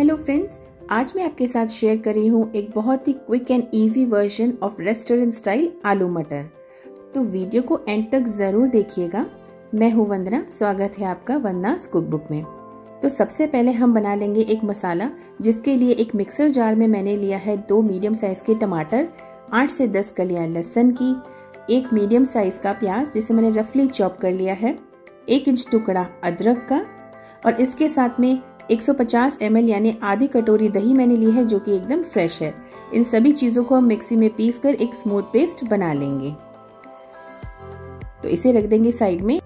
hello friends आज मैं आपके साथ शेयर कर रही हूँ एक बहुत ही quick and easy version of restaurant style आलू मटर तो वीडियो को एंड तक ज़रूर देखिएगा मैं हूँ वंदना स्वागत है आपका वंदनास कुकबुक में तो सबसे पहले हम बना लेंगे एक मसाला जिसके लिए एक मिक्सर जार में मैंने लिया है दो मीडियम साइज़ के टमाटर आठ से दस कलियाँ लहसन की एक मीडियम साइज़ का प्याज जिसे मैंने रफली चॉप कर लिया है एक इंच टुकड़ा अदरक का और इसके साथ में 150 ml यानी आधी कटोरी दही मैंने ली है जो कि एकदम फ्रेश है इन सभी चीज़ों को हम मिक्सी में पीस कर एक स्मूथ पेस्ट बना लेंगे तो इसे रख देंगे साइड में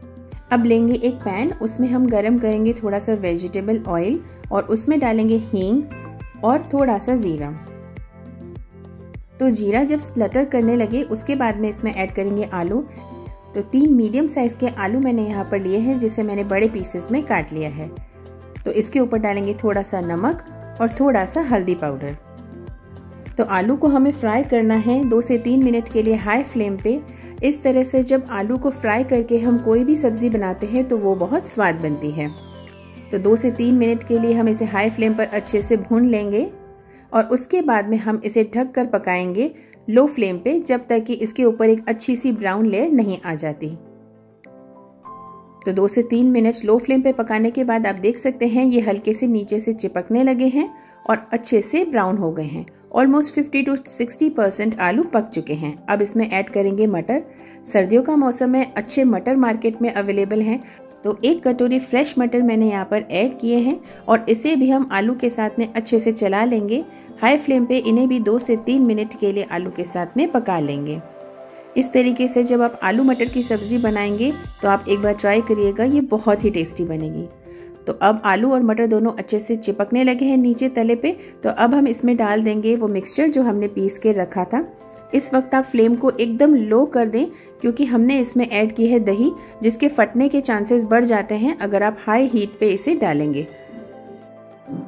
अब लेंगे एक पैन उसमें हम गरम करेंगे थोड़ा सा वेजिटेबल ऑयल और उसमें डालेंगे हींग और थोड़ा सा ज़ीरा तो जीरा जब स्प्लटर करने लगे उसके बाद में इसमें ऐड करेंगे आलू तो तीन मीडियम साइज़ के आलू मैंने यहाँ पर लिए हैं जिसे मैंने बड़े पीसेस में काट लिया है तो इसके ऊपर डालेंगे थोड़ा सा नमक और थोड़ा सा हल्दी पाउडर तो आलू को हमें फ्राई करना है दो से तीन मिनट के लिए हाई फ्लेम पे इस तरह से जब आलू को फ्राई करके हम कोई भी सब्ज़ी बनाते हैं तो वो बहुत स्वाद बनती है तो दो से तीन मिनट के लिए हम इसे हाई फ्लेम पर अच्छे से भून लेंगे और उसके बाद में हम इसे ढक कर पकाएंगे लो फ्लेम पे जब तक कि इसके ऊपर एक अच्छी सी ब्राउन लेयर नहीं आ जाती तो दो से तीन मिनट लो फ्लेम पे पकाने के बाद आप देख सकते हैं ये हल्के से नीचे से चिपकने लगे हैं और अच्छे से ब्राउन हो गए हैं ऑलमोस्ट 50 टू 60 परसेंट आलू पक चुके हैं अब इसमें ऐड करेंगे मटर सर्दियों का मौसम है अच्छे मटर मार्केट में अवेलेबल हैं तो एक कटोरी फ्रेश मटर मैंने यहाँ पर ऐड किए हैं और इसे भी हम आलू के साथ में अच्छे से चला लेंगे हाई फ्लेम पे इन्हें भी दो से तीन मिनट के लिए आलू के साथ में पका लेंगे इस तरीके से जब आप आलू मटर की सब्ज़ी बनाएंगे तो आप एक बार ट्राई करिएगा ये बहुत ही टेस्टी बनेगी तो अब आलू और मटर दोनों अच्छे से चिपकने लगे हैं नीचे तले पे तो अब हम इसमें डाल देंगे वो मिक्सचर जो हमने पीस के रखा था इस वक्त आप फ्लेम को एकदम लो कर दें क्योंकि हमने इसमें ऐड की है दही जिसके फटने के चांसेस बढ़ जाते हैं अगर आप हाई हीट पे इसे डालेंगे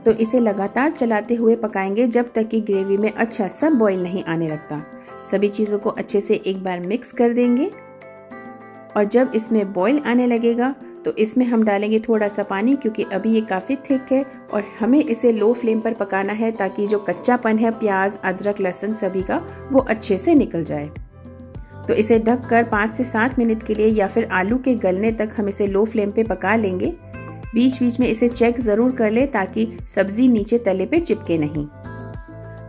तो इसे लगातार चलाते हुए पकाएंगे जब तक कि ग्रेवी में अच्छा सा बॉईल नहीं आने लगता सभी चीज़ों को अच्छे से एक बार मिक्स कर देंगे और जब इसमें बॉईल आने लगेगा तो इसमें हम डालेंगे थोड़ा सा पानी क्योंकि अभी ये काफ़ी थिक है और हमें इसे लो फ्लेम पर पकाना है ताकि जो कच्चापन है प्याज अदरक लहसुन सभी का वो अच्छे से निकल जाए तो इसे ढक कर पाँच से सात मिनट के लिए या फिर आलू के गलने तक हम इसे लो फ्लेम पर पका लेंगे बीच बीच में इसे चेक ज़रूर कर ले ताकि सब्ज़ी नीचे तले पर चिपके नहीं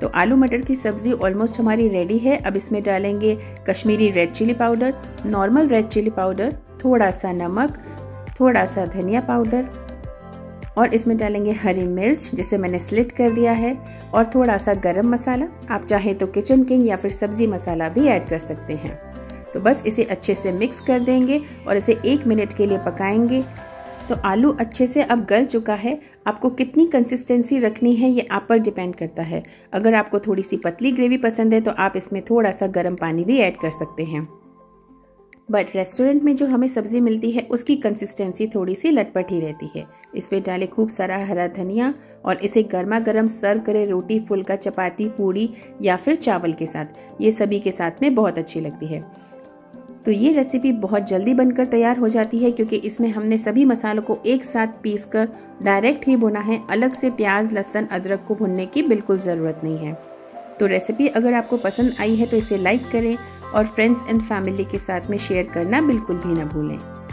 तो आलू मटर की सब्ज़ी ऑलमोस्ट हमारी रेडी है अब इसमें डालेंगे Kashmiri red chilli powder normal red chilli powder थोड़ा सा नमक थोड़ा सा धनिया पाउडर और इसमें डालेंगे हरी मिर्च जिसे मैंने स्लिट कर दिया है और थोड़ा सा गरम मसाला आप चाहे तो किचन किंग या फिर सब्ज़ी मसाला भी ऐड कर सकते हैं तो बस इसे अच्छे से मिक्स कर देंगे और इसे एक मिनट के लिए पकाएंगे तो आलू अच्छे से अब गल चुका है आपको कितनी कंसिस्टेंसी रखनी है ये आप पर डिपेंड करता है अगर आपको थोड़ी सी पतली ग्रेवी पसंद है तो आप इसमें थोड़ा सा गर्म पानी भी ऐड कर सकते हैं बट रेस्टोरेंट में जो हमें सब्ज़ी मिलती है उसकी कंसिस्टेंसी थोड़ी सी लटपट ही रहती है इसमें डाले खूब सारा हरा धनिया और इसे गर्मा गर्म सर्व करें रोटी फुल्का चपाती पूड़ी या फिर चावल के साथ ये सभी के साथ में बहुत अच्छी लगती है तो ये रेसिपी बहुत जल्दी बनकर तैयार हो जाती है क्योंकि इसमें हमने सभी मसालों को एक साथ पीस कर डायरेक्ट ही भुना है अलग से प्याज लहसन अदरक को भुनने की बिल्कुल ज़रूरत नहीं है तो रेसिपी अगर आपको पसंद आई है तो इसे लाइक करें और फ्रेंड्स एंड फैमिली के साथ में शेयर करना बिल्कुल भी ना भूलें